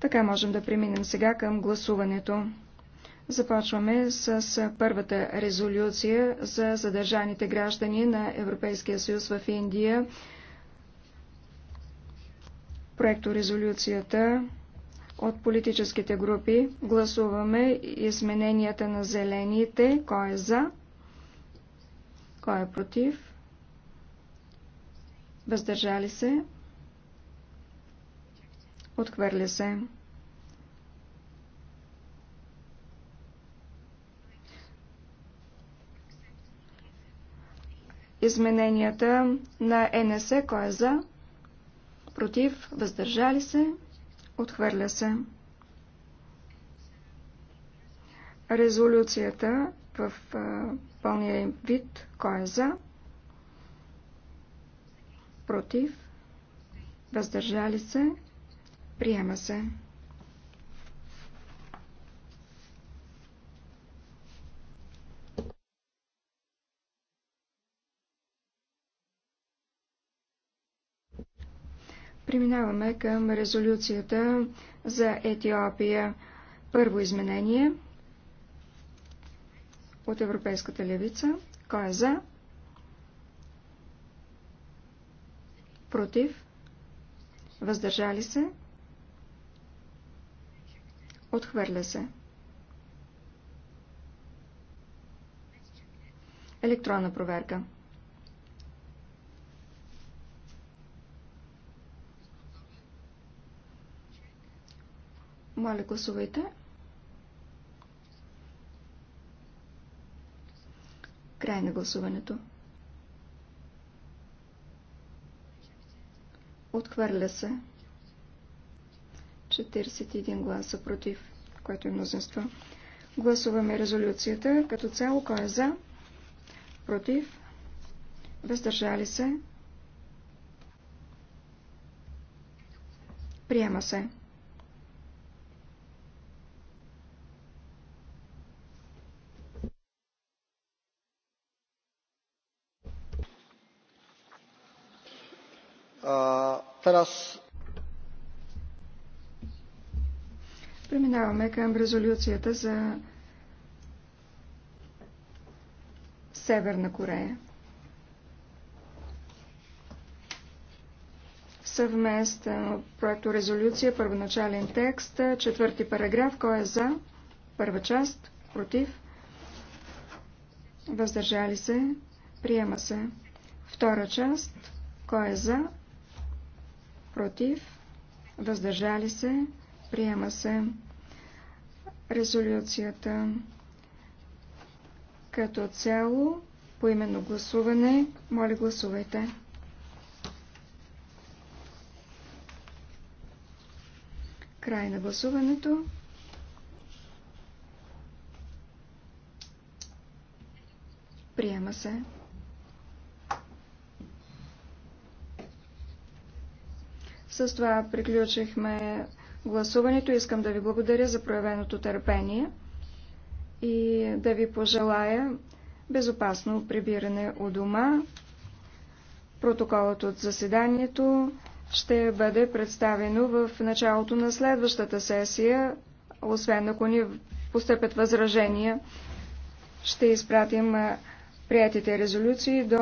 Така можем да преминем сега към гласуването. Започваме с първата резолюция за задържаните граждани на Европейския съюз в Индия. Проекто резолюцията от политическите групи. Гласуваме измененията на зелените. Кой е за? Кой е против? Въздържали се? Отхвърля се. Измененията на НС, кой е за? Против, въздържали се, отхвърля се. Резолюцията в пълния вид, кой е за? Против, въздържали се, Приема се. Преминаваме към резолюцията за Етиопия. Първо изменение от Европейската левица. Кой е за? Против? Въздържали се? Отхвърля се. Електронна проверка. Моля, гласувайте. Край на гласуването. Отхвърля се. 41 гласа против, което е мнозинство. Гласуваме резолюцията като цяло. Кой е за? Против? Въздържали се? Приема се. teraz Преминаваме към резолюцията за Северна Корея. Съвместно проекто резолюция, първоначален текст, четвърти параграф, кой е за, първа част, против, въздържали се, приема се. Втора част, кой е за, против, въздържали се, Приема се резолюцията като цяло по именно гласуване. Моля, гласувайте. Край на гласуването. Приема се. С това приключихме гласуването. Искам да ви благодаря за проявеното търпение и да ви пожелая безопасно прибиране у дома. Протоколът от заседанието ще бъде представено в началото на следващата сесия, освен ако ни постъпят възражения. Ще изпратим приятите резолюции до